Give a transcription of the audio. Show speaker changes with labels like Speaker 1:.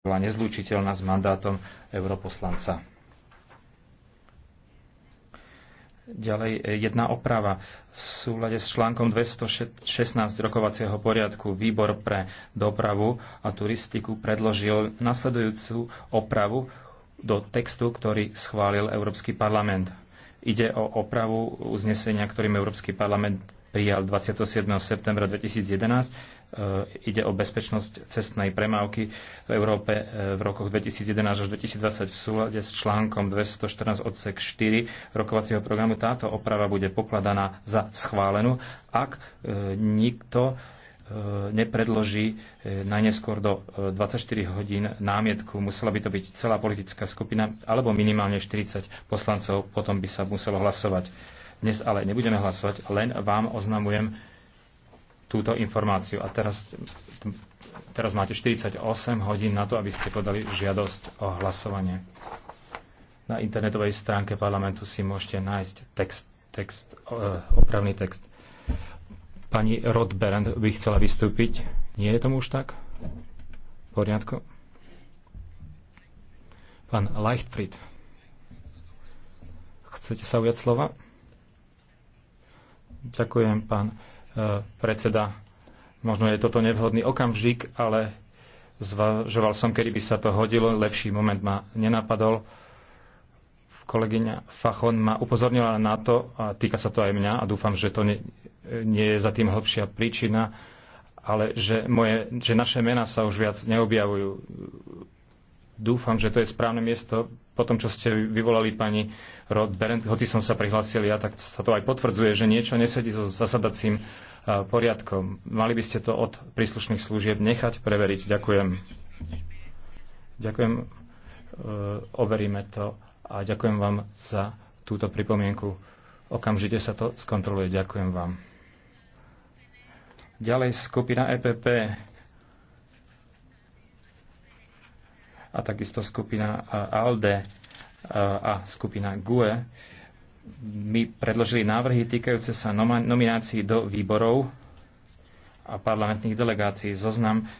Speaker 1: bola nezlučiteľná s mandátom europoslanca. Ďalej e, jedna oprava. V súlade s článkom 216 rokovacieho poriadku Výbor pre dopravu a turistiku predložil nasledujúcu opravu do textu, ktorý schválil Európsky parlament. Ide o opravu uznesenia, ktorým Európsky parlament prijal 27. septembra 2011 E, ide o bezpečnosť cestnej premávky v Európe e, v rokoch 2011 až 2020 v súlade s článkom 214 odsek 4 rokovacieho programu. Táto oprava bude pokladaná za schválenú, ak e, nikto nepredloží najneskôr do 24 hodín námietku. Musela by to byť celá politická skupina alebo minimálne 40 poslancov, potom by sa muselo hlasovať. Dnes ale nebudeme hlasovať, len vám oznamujem, túto informáciu. A teraz, teraz máte 48 hodín na to, aby ste podali žiadosť o hlasovanie. Na internetovej stránke parlamentu si môžete nájsť text, text eh, opravný text. Pani Rodberend by chcela vystúpiť. Nie je tomu už tak? V poriadku. Pán Leichtfried, chcete sa ujať slova? Ďakujem, pán E, predseda. Možno je toto nevhodný okamžik, ale zvažoval som, kedy by sa to hodilo. Lepší moment ma nenapadol. Kolegyňa Fachon ma upozornila na to, a týka sa to aj mňa, a dúfam, že to nie, nie je za tým hĺbšia príčina, ale že, moje, že naše mená sa už viac neobjavujú dúfam, že to je správne miesto. Po tom, čo ste vyvolali pani Rod Berend, hoci som sa prihlásil ja, tak sa to aj potvrdzuje, že niečo nesedí so zasadacím e, poriadkom. Mali by ste to od príslušných služieb nechať preveriť. Ďakujem. Ďakujem. E, overíme to a ďakujem vám za túto pripomienku. Okamžite sa to skontroluje. Ďakujem vám. Ďalej skupina EPP. a takisto skupina ALDE a skupina GUE mi predložili návrhy týkajúce sa nominácií do výborov a parlamentných delegácií. Zoznam